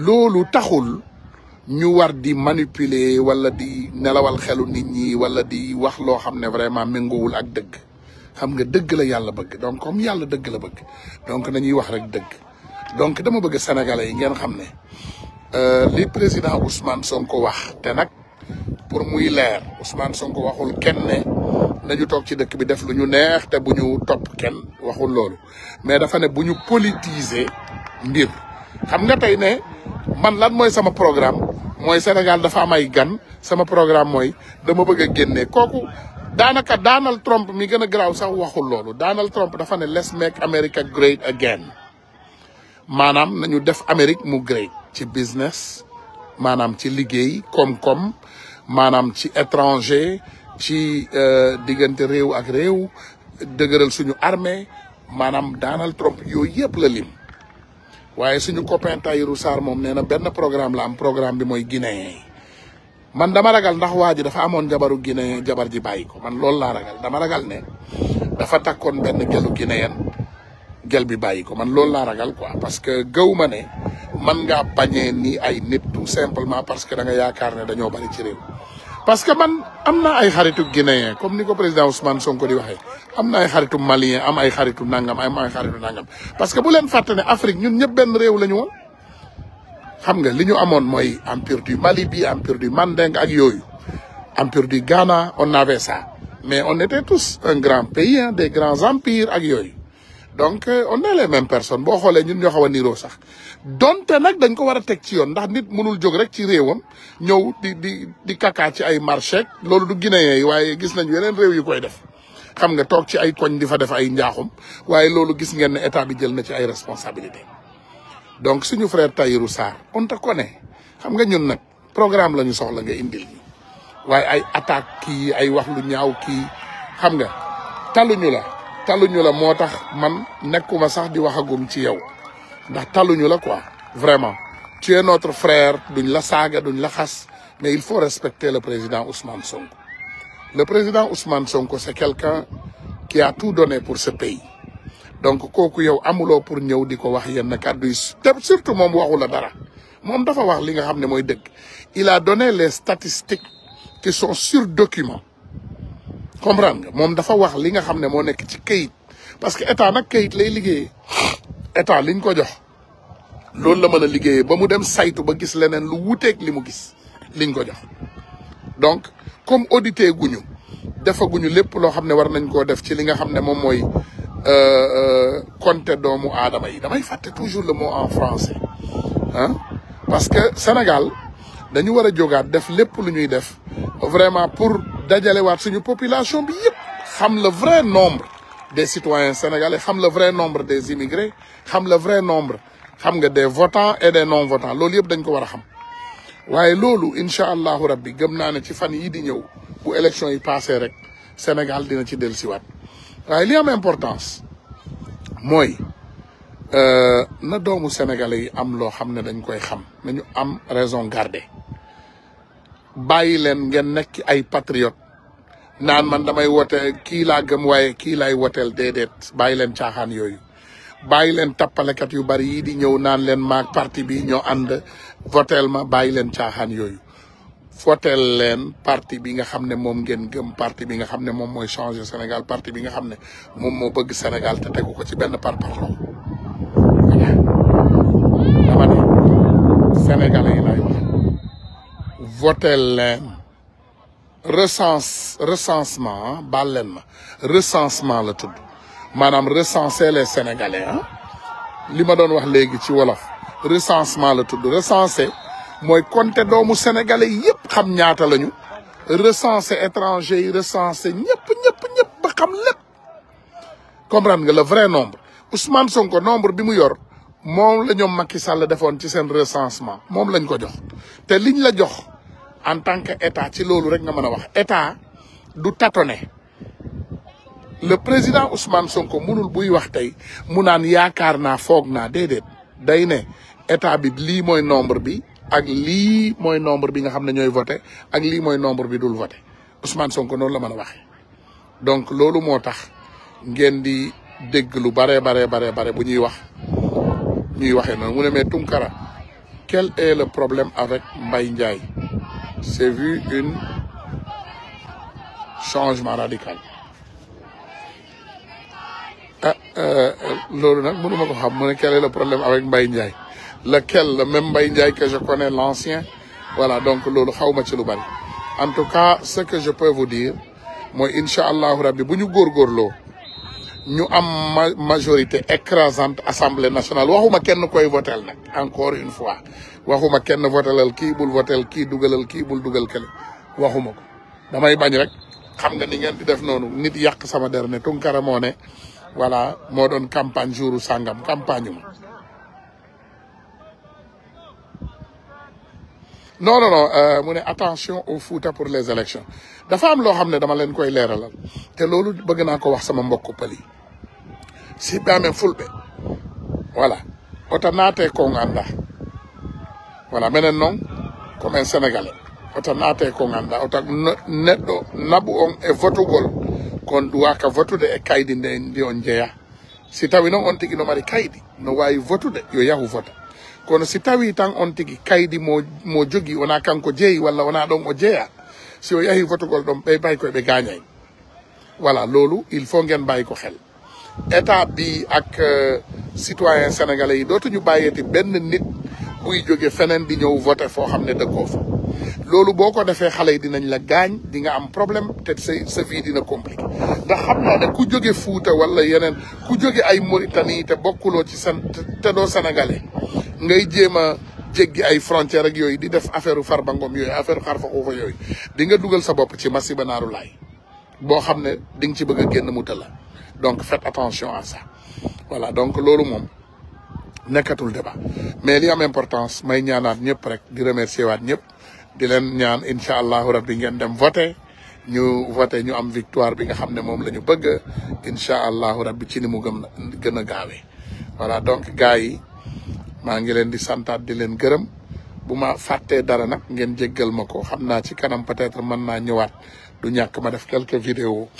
loolu taxul ñu war di manipuler wala di nelawal xelu nit ñi wala di wax loo xam ne vraiment méngoowul ak dëgg xam nga dëgg la yàlla bëgg donc comme yàlla dëgg la bëgg donc nañuy wax rek dëgg donc dama bëgg sénégalais yi ngeen xam ne euh, li président Ousmane Sonko wax te nag pour muy leer Ousmane Sonko waxul kenn ne nañu toog ci dëkk bi def lu ñu neex te bu ñu topp kenn waxul loolu mais dafa ne bu ñu politiser mbir. xam nga tey ne man lan mooy sama programme mooy Sénégal dafa am ay gan sama programme mooy dama bëgg a génne kooku daanaka Donald Trump mi gën a garaaw sax waxul loolu Donald Trump dafa ne let's make America great again maanaam nañu def Amérique mu great ci business maanaam ci liggéey koom-koom maanaam ci étranger ci euh, diggante réew ak réew dëgëral suñu armée maanaam Donald Trump yooyu yëpp la lim waaye suñu copain Tahirou Sarr moom neena benn programme la am programme bi mooy guinéen man dama ragal ndax waa ji dafa amoon jabaru guinéen jabar ji bàyyi ko man loolu laa ragal dama ragal ne dafa takkoon benn gelu guinéen gel bi bàyyi ko man loolu laa ragal quoi parce que gëw ma ne man ngaa bañee ni ay nit tout simplement parce que da nga yaakaar ne dañoo bari ci réew parce que man am na ay xaritu guinéen comme ni ko président Ousmane Sonko di waxee am na ay xaritu malien am ay xaritu nangam am ay xaritu nangam parce que bu leen fàtte ne Afrique ñun ñëpp benn réew la ñu woon xam nga li ñu amoon mooy empire du Mali bi empire du Mandeng ak yooyu empire du Ghana on avait ça mais on était tous un grand pays des grands empires ak yooyu donc euh, on est les mêmes personnes boo xoolee ñun ñoo xaw a niiroo sax donte nag dañ ko war a teg ci yoon ndax nit mënul jóg rek ci réewam ñëw di di di kaka ci ay marché loolu du guinéen yi waaye gis nañ yeneen réew yi koy def xam nga toog ci ay koñ di fa def ay njaaxum waaye loolu gis ngeen ne état bi jël na ci ay responsabilité donc suñu frère Tahirou Sarr on te connaît xam nga ñun nag programme la ñu soxla nga indil ñu waaye ay attaque kii ay wax lu ñaaw kii xam nga taluñu la taluñu la motax man nekkuma sax di waxagum ci yow ndax taluñu la quoi vraiment tu es notre frère duñ la saga, duñ la khas mais il faut respecter le président Ousmane Sonko le président Ousmane Sonko c'est quelqu'un qui a tout donné pour ce pays donc koku yow amulo pour ñew di ko wax yenn kaddu yi surtout mom waxula la dara mom dafa wax li nga xam moy deug il a donné les statistiques qui sont sur document comprendre nga dafa wax li nga xamné mo nek ci kayit parce que état nak kayit lay liggéeyee état liñ ko jox loolu la mëna a ba mu dem saytu ba gis lenen lu wuteeg ak limu gis liñ ko jox donc comme audité guñu dafa guñu lepp lo xamné war nañ ko def ci li nga xamné mom moy euh euh compte doomu aadama yi damay faté toujours le mot en français hein parce que Sénégal dañu wara a def lepp lu ñuy def vraiment pour dajalewaat suñu population bi yëpp xam le vrai nombre des citoyens sénégalais xam le vrai nombre des immigrés xam le vrai nombre xam nga des votants et des non votants loolu yëpp dañ ko war a xam waaye loolu incha allahu rabbi gëm ne ci fan yii di ñëw bu élection yi passé rek Sénégal dina ci dellusiwaat waaye li am importance euh, na doomu sénégalais yi am lo xam ne dañ koy xam nañu am raison garder bailen leen ngeen ay patriote naan man damay wote kii laa gëm waaye kii laay woteel déedéet bàyyi leen caaxaan yooyu bàyyi leen tappalekat yu bari yii di ñëw naan leen maak parti bi ñoo ànd voteel ma bàyyi leen caaxaan yooyu voteel leen parti bi nga xam ne moom ngeen gëm parti bi nga xam ne moom mooy changer Sénégal parti bi nga xam ne moom moo bëgg Sénégal te tegu ko ci benn par parlo dama ne yi laay wax leen recense recensement ah recensement le tout Madame recenser les sénégalais hein? li ma doon wax léegi ci recensement la tout. recenser mooy compter doomu sénégalais yëpp xam ñaata lañu recenser étrangers recenser ñëpp ñëpp ñëpp ba xam lépp comprendre nga le vrai nombre Ousmane Sonko nombre bi mu yor moom la ñoom Macky Sall defoon ci recensement mon lañ ko jox te liñ la jox. en tant que état ci loolu rek nga mën a wax état du tâtonner le président Ousmane Sonko mënul buy wax tey mu naan yaakaar naa foog naa déedéet day ne état bi lii mooy nombre bi ak lii mooy nombre bi nga xam ne ñooy voté ak lii mooy nombre bi dul voté Ousmane Sonko noonu la man a waxee donc loolu moo tax ngeen di dégg lu bare bare bare bare bu ñuy wax ñuy waxee noonu mu ne mais Tunkara quel est le problème avec Mbaye Ndiaye C'est vu un changement radical ah, Euh, quel est le problème avec Mbaye Ndiaye lequel le même Mbaye que je connais l'ancien voilà donc loolu xaw ci lu en tout cas ce que je peux vous dire moi, Inch'Allah, si nous nous une majorité écrasante l'Assemblée nationale waxuma pas koy va voter, encore une fois waxuma kenn votelal kii bul votel kii dugalal kii bul dugal kele waxuma ko damay bañ rek xam nga ni ngeen di def noonu nit yàq sama der ne Tunkara moo ne voilà moo doon campagne jouru sàngam campagne ma non no non euh, mu ne attention au Fouta pour les élections dafa am loo xam ne dama leen koy leera leeralal te loolu bëgg naa ko wax sama mbokk pël yi si baame fulɓe voilà ota naate ko ngannda wona minen noon un sénégalais oto naate ko ganduɗa oto neɗɗo naɓu on e votugol kon duwaka votude e kaydi nde ndi on jeeya si tawi noon on tigui no mari kaydi no wawi votude yo yahu vota kono si tawi tan on tigui kaydi mo mo jogui wona kanko jeeyi walla wona ɗon o jeeya si o yahi votugol ɗon ɓe mbayi koyeɓe gagnay voilà loolu il faut nguen mbayi ko hel état bi ak euh, citoyen sénégalais yi dootuñu bàyyeeti benn nit buy jóge feneen di ñëw voté foo xam ne dëkkoo fa loolu boo ko defee xale yi dinañ la gaañ dinga am problème te sa sa vie dina compliqué ndax xam naa ne ku jóge Fuuta wala yeneen ku jóge ay Mauritanie te bokkuloo ci seen te doo sénégalais ngay jéem a jéggi ay frontière ak yooyu di def affaire Farba Ngom yooyu affaire Xarfa Xuufa yooyu di nga dugal sa bopp ci masiba naaru laay boo xam ne di nga ci bëgg a génn mu tëla donc faites attention à ça voilà donc loolu moom nekatul débat mais li am importance may ñaanat ñep rek di remercier wat ñep di len ñaan inshallah rabbi ngeen dem voter ñu voter ñu am victoire bi nga xamne mom lañu bëgg inshallah rabbi ci ni mu gëm gëna gaawé voilà donc gaay yi ma ngi len di santat di len gërëm buma faté dara nak ngeen jéggel mako xamna ci kanam peut-être man na ñëwaat du ñak ma def quelques vidéos